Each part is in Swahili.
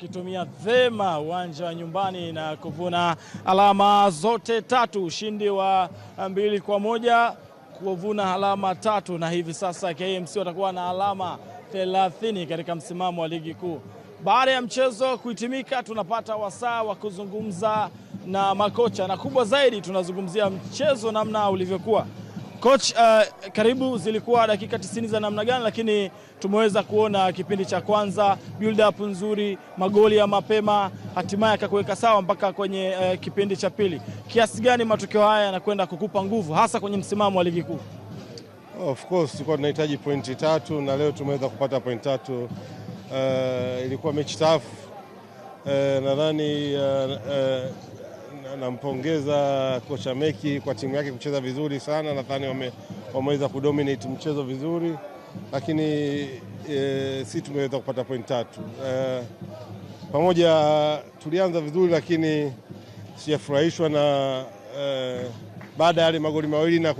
Kitumia vema uwanja wa nyumbani na kuvuna alama zote tatu, ushindi wa mbili kwa moja kuvuna alama tatu, na hivi sasa KMC watakuwa na alama 30 katika msimamo wa ligi kuu. Baada ya mchezo kuhitimika, tunapata wasaa wa kuzungumza na makocha, na kubwa zaidi tunazungumzia mchezo namna ulivyokuwa. Coach, uh, karibu zilikuwa dakika tisini za namna gani? Lakini tumeweza kuona kipindi cha kwanza build up nzuri, magoli ya mapema, hatimaye akakuweka sawa mpaka kwenye uh, kipindi cha pili. Kiasi gani matokeo haya yanakwenda kukupa nguvu hasa kwenye msimamo wa ligi kuu? Of course tulikuwa tunahitaji pointi tatu na leo tumeweza kupata pointi tatu. Uh, ilikuwa mechi tafu uh, nadhani uh, uh, Nampongeza kocha Meki kwa timu yake kucheza vizuri sana, nadhani wame, wameweza kudominate mchezo vizuri, lakini e, si tumeweza kupata point tatu e, pamoja tulianza vizuri, lakini sijafurahishwa na e, baada ya yale magoli mawili na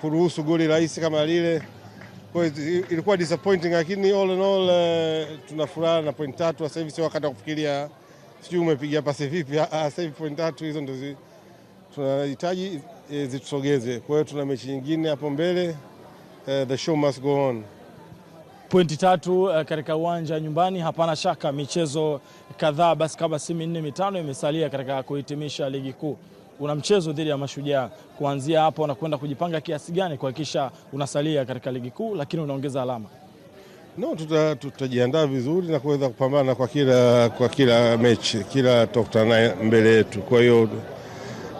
kuruhusu goli rahisi kama lile kwa ilikuwa disappointing, lakini all in all, uh, tuna furaha na point tatu. Sasa hivi sio wakati wa kufikiria sijui umepiga pasi vipi. Sasa hivi point tatu hizo ndo tunahitaji e, zitusogeze. Kwa hiyo tuna mechi nyingine hapo mbele. Uh, the show must go on. Pointi tatu uh, katika uwanja nyumbani, hapana shaka. Michezo kadhaa basi kama si minne mitano imesalia katika kuhitimisha ligi kuu. Una mchezo dhidi ya Mashujaa, kuanzia hapo unakwenda kujipanga kiasi gani kuhakikisha unasalia katika ligi kuu, lakini unaongeza alama No, tutajiandaa tuta vizuri na kuweza kupambana kwa kila, kwa kila mechi kila tokutana mbele yetu. Kwa hiyo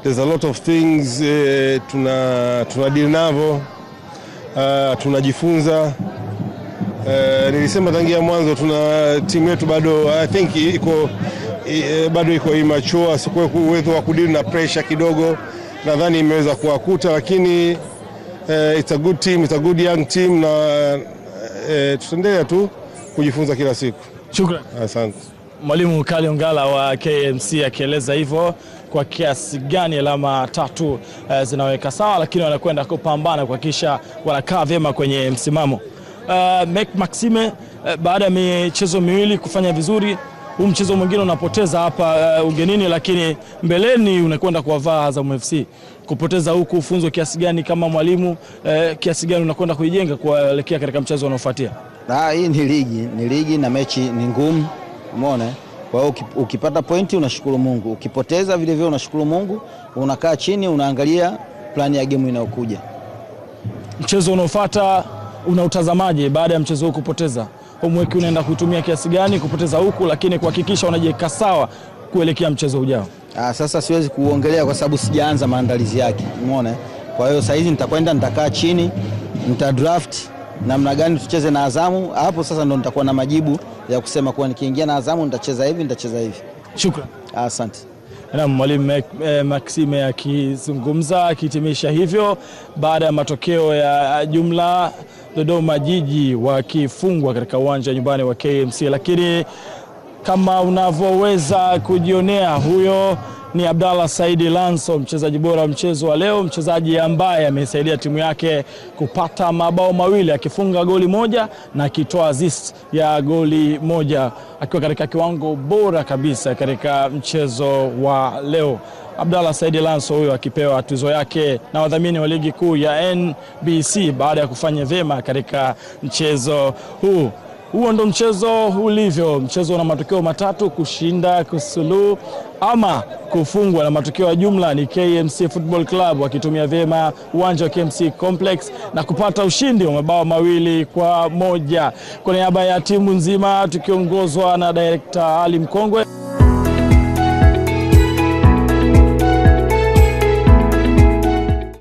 there's a lot of things eh, tuna, tuna deal navyo uh, ah, tunajifunza uh, nilisema tangia mwanzo tuna timu yetu bado I think iko eh, bado iko immature, sikuwe uwezo wa kudili na pressure kidogo, nadhani imeweza kuwakuta, lakini uh, it's a good team, it's a good young team na e, tutaendelea tu kujifunza kila siku. Shukrani, asante. Mwalimu Kali Ongala wa KMC akieleza hivyo kwa kiasi gani alama tatu e, zinaweka sawa, lakini wanakwenda kupambana kuhakikisha wanakaa vyema kwenye msimamo. Uh, eh, Mek Maxime uh, baada ya michezo miwili kufanya vizuri huu mchezo mwingine unapoteza hapa uh, ugenini, lakini mbeleni unakwenda kuwavaa Azam FC. Kupoteza huku ufunzo kiasi gani kama mwalimu uh, kiasi gani unakwenda kuijenga kuelekea katika mchezo unaofuatia? hii ni ligi, ni ligi na mechi ni ngumu, umeona. Kwa hiyo ukipata pointi unashukuru Mungu, ukipoteza vile vile unashukuru Mungu, unakaa chini unaangalia plani ya gemu inayokuja. Mchezo unaofuata unautazamaje baada ya mchezo huu kupoteza? homework unaenda kuitumia kiasi gani kupoteza huku, lakini kuhakikisha unajiweka sawa kuelekea mchezo ujao. Ah, sasa siwezi kuongelea kwa sababu sijaanza maandalizi yake, umeona. Kwa hiyo sasa hizi nitakwenda, nitakaa chini, draft namna gani tucheze na Azamu. Hapo sasa ndo nitakuwa na majibu ya kusema kuwa nikiingia na Azamu nitacheza hivi, nitacheza hivi. Shukran, asante. Na mwalimu eh, Maxime akizungumza akihitimisha hivyo baada ya matokeo ya jumla Dodoma Jiji wakifungwa katika uwanja nyumbani wa KMC, lakini kama unavyoweza kujionea, huyo ni Abdallah Saidi Lanso, mchezaji bora wa mchezo wa leo, mchezaji ambaye ameisaidia timu yake kupata mabao mawili, akifunga goli moja na akitoa assist ya goli moja, akiwa katika kiwango bora kabisa katika mchezo wa leo. Abdallah Saidi Lanso huyo akipewa tuzo yake na wadhamini wa ligi kuu ya NBC baada ya kufanya vyema katika mchezo huu. Huo ndo mchezo ulivyo, mchezo na matokeo matatu: kushinda, kusuluhu ama kufungwa. Na matokeo ya jumla ni KMC Football Club wakitumia vyema uwanja wa KMC Complex na kupata ushindi wa mabao mawili kwa moja. Kwa niaba ya timu nzima tukiongozwa na direkta Ali Mkongwe.